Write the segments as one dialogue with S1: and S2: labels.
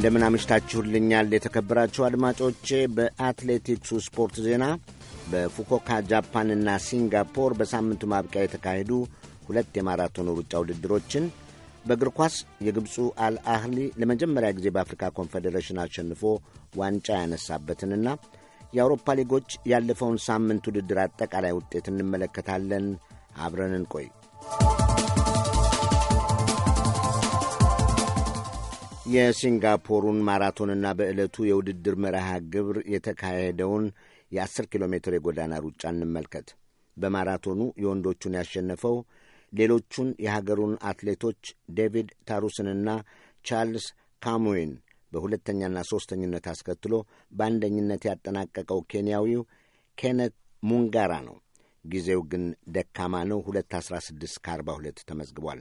S1: እንደምን አምሽታችሁልኛል የተከበራችሁ አድማጮቼ። በአትሌቲክሱ ስፖርት ዜና በፉኮካ ጃፓንና ሲንጋፖር በሳምንቱ ማብቂያ የተካሄዱ ሁለት የማራቶን ሩጫ ውድድሮችን፣ በእግር ኳስ የግብፁ አልአህሊ ለመጀመሪያ ጊዜ በአፍሪካ ኮንፌዴሬሽን አሸንፎ ዋንጫ ያነሳበትንና የአውሮፓ ሊጎች ያለፈውን ሳምንት ውድድር አጠቃላይ ውጤት እንመለከታለን። አብረን እንቆይ። የሲንጋፖሩን ማራቶንና በዕለቱ የውድድር መርሃ ግብር የተካሄደውን የ10 ኪሎ ሜትር የጎዳና ሩጫ እንመልከት። በማራቶኑ የወንዶቹን ያሸነፈው ሌሎቹን የሀገሩን አትሌቶች ዴቪድ ታሩስንና ቻርልስ ካሙዌን በሁለተኛና ሦስተኝነት አስከትሎ በአንደኝነት ያጠናቀቀው ኬንያዊው ኬነት ሙንጋራ ነው። ጊዜው ግን ደካማ ነው። 216 ከ42 ተመዝግቧል።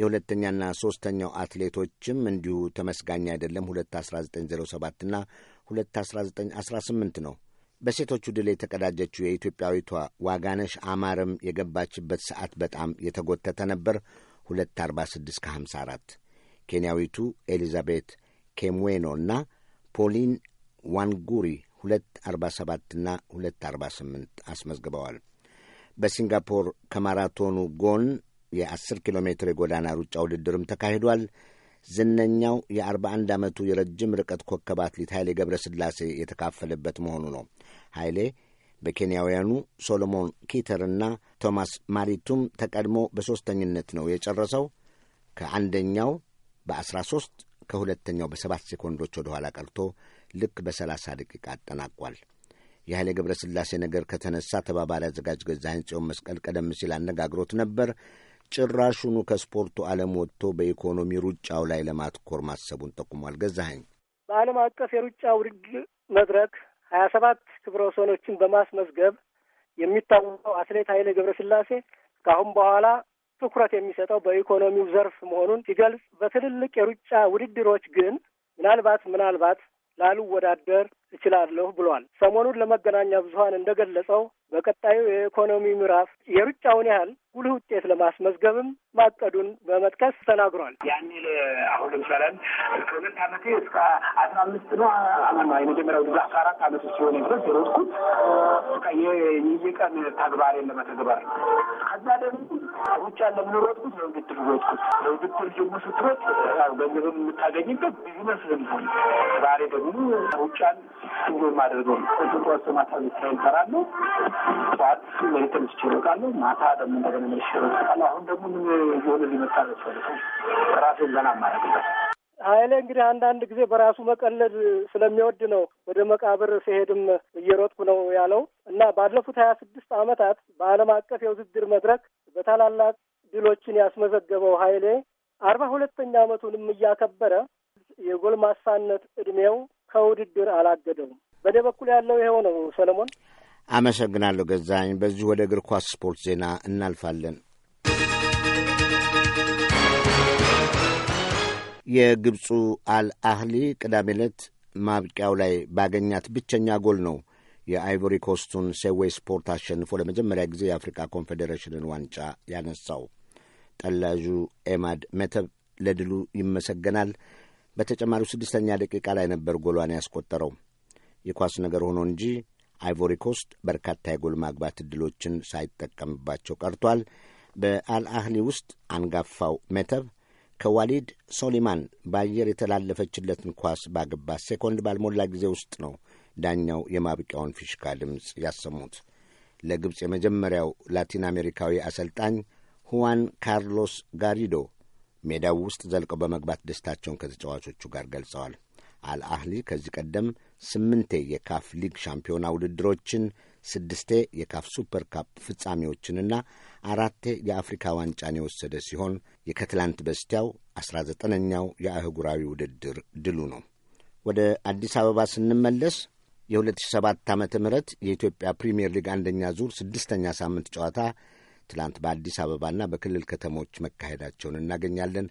S1: የሁለተኛና ሦስተኛው አትሌቶችም እንዲሁ ተመስጋኝ አይደለም። 21907 ና 21918 ነው። በሴቶቹ ድል የተቀዳጀችው የኢትዮጵያዊቷ ዋጋነሽ አማርም የገባችበት ሰዓት በጣም የተጎተተ ነበር፣ 246 54 ኬንያዊቱ ኤሊዛቤት ኬምዌኖ እና ፖሊን ዋንጉሪ 247 ና 248 አስመዝግበዋል። በሲንጋፖር ከማራቶኑ ጎን የ10 ኪሎ ሜትር የጎዳና ሩጫ ውድድርም ተካሂዷል። ዝነኛው የ41 ዓመቱ የረጅም ርቀት ኮከብ አትሌት ኃይሌ ገብረ ስላሴ የተካፈለበት መሆኑ ነው። ኃይሌ በኬንያውያኑ ሶሎሞን ኪተርና ቶማስ ማሪቱም ተቀድሞ በሦስተኝነት ነው የጨረሰው። ከአንደኛው በ13 ከሁለተኛው በሰባት ሴኮንዶች ወደ ኋላ ቀርቶ ልክ በ30 ደቂቃ አጠናቋል። የኃይሌ ገብረ ስላሴ ነገር ከተነሳ ተባባሪ አዘጋጅ ገዛ ጽዮን መስቀል ቀደም ሲል አነጋግሮት ነበር። ጭራሹኑ ከስፖርቱ ዓለም ወጥቶ በኢኮኖሚ ሩጫው ላይ ለማትኮር ማሰቡን ጠቁሟል። ገዛኸኝ
S2: በዓለም አቀፍ የሩጫ ውድድር መድረክ ሀያ ሰባት ክብረ ወሰኖችን በማስመዝገብ የሚታወቀው አትሌት ኃይሌ ገብረስላሴ ከአሁን በኋላ ትኩረት የሚሰጠው በኢኮኖሚው ዘርፍ መሆኑን ሲገልጽ፣ በትልልቅ የሩጫ ውድድሮች ግን ምናልባት ምናልባት ላልወዳደር እችላለሁ ብሏል። ሰሞኑን ለመገናኛ ብዙኃን እንደገለጸው በቀጣዩ የኢኮኖሚ ምዕራፍ የሩጫውን ያህል ጉልህ ውጤት ለማስመዝገብም ማቀዱን በመጥቀስ ተናግሯል። ያኔ አሁን ለምሳሌ ከሁለት ዓመቴ እስከ አስራ አምስት ነው አላማ የመጀመሪያው ጊዜ አስራ አራት ዓመት ሲሆን ድረስ የሮጥኩት የየቀን ተግባሬን ለመተግበር ከዛ ደግሞ ውጭ ያለ የምንሮጥኩት ለውድድር ሮጥኩት። ለውድድር ጅሙ ስትሮጥ ገንዘብም የምታገኝበት ብዙ ቢዝነስ ሆን ዛሬ ደግሞ ውጫን እንጆ ማደርገው ተዋስ ማታ ቤት ላይ ይሰራለሁ። ጠዋት መሬትን ስችሎቃለሁ ማታ ደግሞ ስለሆነ አሁን ደግሞ ምን ሊመጣ ራሴን ገና ማረግበት ኃይሌ እንግዲህ አንዳንድ ጊዜ በራሱ መቀለድ ስለሚወድ ነው። ወደ መቃብር ሲሄድም እየሮጥኩ ነው ያለው እና ባለፉት ሀያ ስድስት ዓመታት በዓለም አቀፍ የውድድር መድረክ በታላላቅ ድሎችን ያስመዘገበው ኃይሌ አርባ ሁለተኛ ዓመቱንም እያከበረ የጎልማሳነት እድሜው ከውድድር አላገደውም። በእኔ በኩል ያለው ይኸው ነው ሰለሞን።
S1: አመሰግናለሁ ገዛኝ። በዚሁ ወደ እግር ኳስ ስፖርት ዜና እናልፋለን። የግብፁ አልአህሊ ቅዳሜ ዕለት ማብቂያው ላይ ባገኛት ብቸኛ ጎል ነው የአይቮሪ ኮስቱን ሴዌይ ስፖርት አሸንፎ ለመጀመሪያ ጊዜ የአፍሪካ ኮንፌዴሬሽንን ዋንጫ ያነሳው። ጠላዡ ኤማድ መተብ ለድሉ ይመሰገናል። በተጨማሪው ስድስተኛ ደቂቃ ላይ ነበር ጎሏን ያስቆጠረው። የኳስ ነገር ሆኖ እንጂ አይቮሪኮስት በርካታ የጎል ማግባት ዕድሎችን ሳይጠቀምባቸው ቀርቷል። በአልአህሊ ውስጥ አንጋፋው መተብ ከዋሊድ ሶሊማን በአየር የተላለፈችለትን ኳስ ባገባ ሴኮንድ ባልሞላ ጊዜ ውስጥ ነው ዳኛው የማብቂያውን ፊሽካ ድምፅ ያሰሙት። ለግብፅ የመጀመሪያው ላቲን አሜሪካዊ አሰልጣኝ ሁዋን ካርሎስ ጋሪዶ ሜዳው ውስጥ ዘልቀው በመግባት ደስታቸውን ከተጫዋቾቹ ጋር ገልጸዋል። አልአህሊ ከዚህ ቀደም ስምንቴ የካፍ ሊግ ሻምፒዮና ውድድሮችን፣ ስድስቴ የካፍ ሱፐር ካፕ ፍጻሜዎችንና አራቴ የአፍሪካ ዋንጫን የወሰደ ሲሆን የከትላንት በስቲያው አስራ ዘጠነኛው የአህጉራዊ ውድድር ድሉ ነው። ወደ አዲስ አበባ ስንመለስ የ2007 ዓ ም የኢትዮጵያ ፕሪምየር ሊግ አንደኛ ዙር ስድስተኛ ሳምንት ጨዋታ ትላንት በአዲስ አበባና በክልል ከተሞች መካሄዳቸውን እናገኛለን።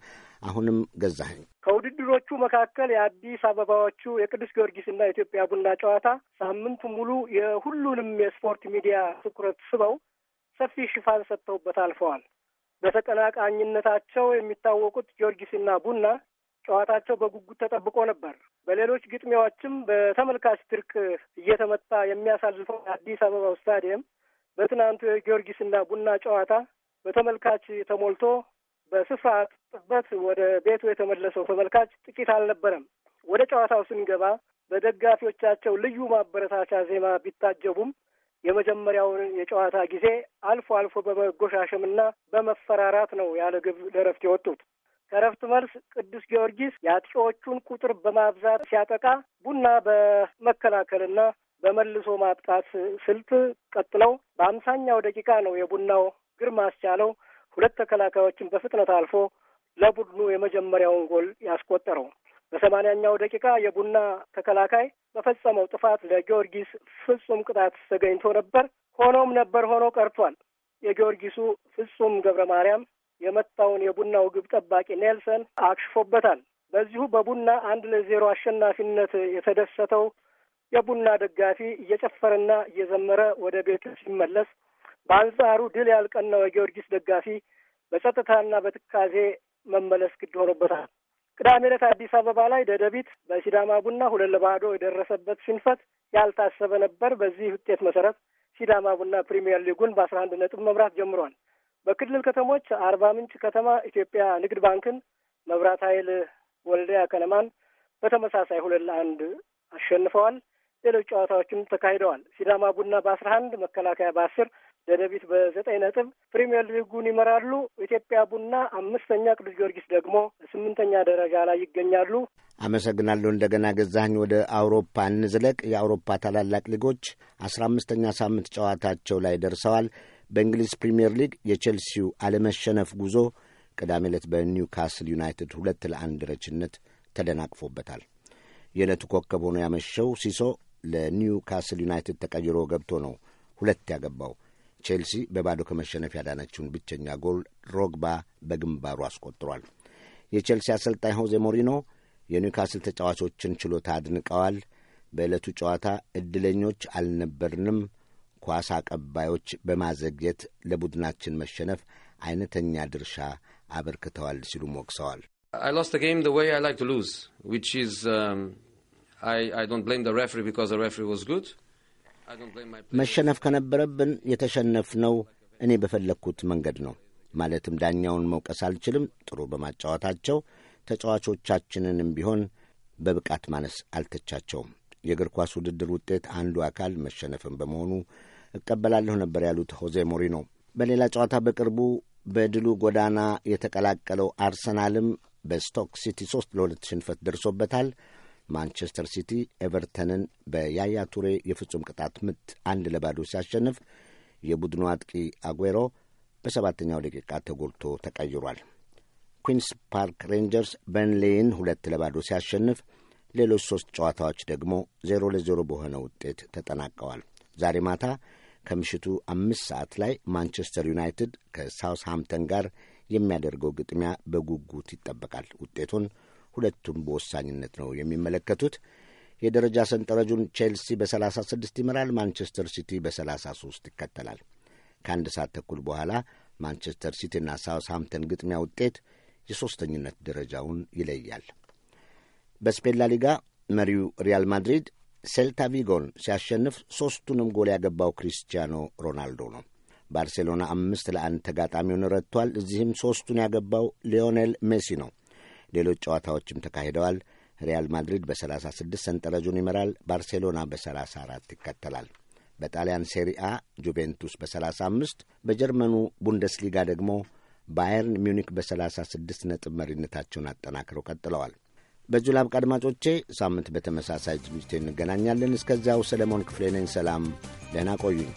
S1: አሁንም ገዛኸኝ
S2: ከውድድሮቹ መካከል የአዲስ አበባዎቹ የቅዱስ ጊዮርጊስና የኢትዮጵያ ቡና ጨዋታ ሳምንቱ ሙሉ የሁሉንም የስፖርት ሚዲያ ትኩረት ስበው ሰፊ ሽፋን ሰጥተውበት አልፈዋል። በተቀናቃኝነታቸው የሚታወቁት ጊዮርጊስና ቡና ጨዋታቸው በጉጉት ተጠብቆ ነበር። በሌሎች ግጥሚያዎችም በተመልካች ድርቅ እየተመታ የሚያሳልፈው የአዲስ አበባው ስታዲየም በትናንቱ የጊዮርጊስና ቡና ጨዋታ በተመልካች ተሞልቶ በስፍራ ጥበት ወደ ቤቱ የተመለሰው ተመልካች ጥቂት አልነበረም። ወደ ጨዋታው ስንገባ በደጋፊዎቻቸው ልዩ ማበረታቻ ዜማ ቢታጀቡም የመጀመሪያውን የጨዋታ ጊዜ አልፎ አልፎ በመጎሻሸምና በመፈራራት ነው ያለ ግብ ለረፍት የወጡት። ከረፍት መልስ ቅዱስ ጊዮርጊስ የአጥቂዎቹን ቁጥር በማብዛት ሲያጠቃ ቡና በመከላከልና በመልሶ ማጥቃት ስልት ቀጥለው በአምሳኛው ደቂቃ ነው የቡናው ግርማ አስቻለው ሁለት ተከላካዮችን በፍጥነት አልፎ ለቡድኑ የመጀመሪያውን ጎል ያስቆጠረው። በሰማንያኛው ደቂቃ የቡና ተከላካይ በፈጸመው ጥፋት ለጊዮርጊስ ፍጹም ቅጣት ተገኝቶ ነበር። ሆኖም ነበር ሆኖ ቀርቷል። የጊዮርጊሱ ፍጹም ገብረ ማርያም የመታውን የቡናው ግብ ጠባቂ ኔልሰን አክሽፎበታል። በዚሁ በቡና አንድ ለዜሮ አሸናፊነት የተደሰተው የቡና ደጋፊ እየጨፈረና እየዘመረ ወደ ቤቱ ሲመለስ፣ በአንጻሩ ድል ያልቀናው የጊዮርጊስ ደጋፊ በጸጥታና በትካዜ መመለስ ግድ ሆኖበታል። ቅዳሜ ዕለት አዲስ አበባ ላይ ደደቢት በሲዳማ ቡና ሁለት ለባዶ የደረሰበት ሽንፈት ያልታሰበ ነበር። በዚህ ውጤት መሰረት ሲዳማ ቡና ፕሪሚየር ሊጉን በአስራ አንድ ነጥብ መምራት ጀምሯል። በክልል ከተሞች አርባ ምንጭ ከተማ ኢትዮጵያ ንግድ ባንክን፣ መብራት ኃይል ወልዲያ ከነማን በተመሳሳይ ሁለት ለአንድ አሸንፈዋል። ሌሎች ጨዋታዎችም ተካሂደዋል። ሲዳማ ቡና በአስራ አንድ መከላከያ በአስር ደደቢት በዘጠኝ ነጥብ ፕሪምየር ሊጉን ይመራሉ። ኢትዮጵያ ቡና አምስተኛ፣ ቅዱስ ጊዮርጊስ ደግሞ ስምንተኛ ደረጃ ላይ ይገኛሉ።
S1: አመሰግናለሁ። እንደገና ገዛኝ ወደ አውሮፓ እንዝለቅ። የአውሮፓ ታላላቅ ሊጎች አስራ አምስተኛ ሳምንት ጨዋታቸው ላይ ደርሰዋል። በእንግሊዝ ፕሪምየር ሊግ የቼልሲው አለመሸነፍ ጉዞ ቅዳሜ ዕለት በኒውካስል ዩናይትድ ሁለት ለአንድ ረችነት ተደናቅፎበታል። የዕለቱ ኮከብ ሆኖ ያመሸው ሲሶ ለኒውካስል ዩናይትድ ተቀይሮ ገብቶ ነው ሁለት ያገባው። ቼልሲ በባዶ ከመሸነፍ ያዳነችውን ብቸኛ ጎል ድሮግባ በግንባሩ አስቆጥሯል። የቼልሲ አሰልጣኝ ሆዜ ሞሪኖ የኒውካስል ተጫዋቾችን ችሎታ አድንቀዋል። በዕለቱ ጨዋታ ዕድለኞች አልነበርንም፣ ኳስ አቀባዮች በማዘግየት ለቡድናችን መሸነፍ አይነተኛ ድርሻ አበርክተዋል ሲሉም ወቅሰዋል። መሸነፍ ከነበረብን የተሸነፍነው እኔ በፈለግኩት መንገድ ነው። ማለትም ዳኛውን መውቀስ አልችልም። ጥሩ በማጫወታቸው ተጫዋቾቻችንንም ቢሆን በብቃት ማነስ አልተቻቸውም። የእግር ኳስ ውድድር ውጤት አንዱ አካል መሸነፍን በመሆኑ እቀበላለሁ ነበር ያሉት ሆዜ ሞሪኖ። በሌላ ጨዋታ በቅርቡ በድሉ ጎዳና የተቀላቀለው አርሰናልም በስቶክ ሲቲ ሶስት ለሁለት ሽንፈት ደርሶበታል። ማንቸስተር ሲቲ ኤቨርተንን በያያ ቱሬ የፍጹም ቅጣት ምት አንድ ለባዶ ሲያሸንፍ የቡድኑ አጥቂ አጉዌሮ በሰባተኛው ደቂቃ ተጎድቶ ተቀይሯል። ኩንስ ፓርክ ሬንጀርስ በርንሌይን ሁለት ለባዶ ሲያሸንፍ ሌሎች ሦስት ጨዋታዎች ደግሞ ዜሮ ለዜሮ በሆነ ውጤት ተጠናቀዋል። ዛሬ ማታ ከምሽቱ አምስት ሰዓት ላይ ማንቸስተር ዩናይትድ ሃምተን ጋር የሚያደርገው ግጥሚያ በጉጉት ይጠበቃል። ውጤቱን ሁለቱም በወሳኝነት ነው የሚመለከቱት። የደረጃ ሰንጠረዡን ቼልሲ በ36 ይመራል። ማንቸስተር ሲቲ በ33 ይከተላል። ከአንድ ሰዓት ተኩል በኋላ ማንቸስተር ሲቲና ሳውስሃምተን ግጥሚያ ውጤት የሦስተኝነት ደረጃውን ይለያል። በስፔን ላሊጋ መሪው ሪያል ማድሪድ ሴልታ ቪጎን ሲያሸንፍ ሦስቱንም ጎል ያገባው ክሪስቲያኖ ሮናልዶ ነው። ባርሴሎና አምስት ለአንድ ተጋጣሚውን ረትቷል። እዚህም ሦስቱን ያገባው ሊዮኔል ሜሲ ነው። ሌሎች ጨዋታዎችም ተካሂደዋል። ሪያል ማድሪድ በ36 ሰንጠረዡን ይመራል። ባርሴሎና በ34 ይከተላል። በጣሊያን ሴሪአ ጁቬንቱስ በ35፣ በጀርመኑ ቡንደስሊጋ ደግሞ ባየርን ሚዩኒክ በ36 ነጥብ መሪነታቸውን አጠናክረው ቀጥለዋል። በዚሁ ላብቅ አድማጮቼ። ሳምንት በተመሳሳይ ዝግጅት እንገናኛለን። እስከዚያው ሰለሞን ክፍሌ ነኝ። ሰላም፣ ደህና ቆዩኝ።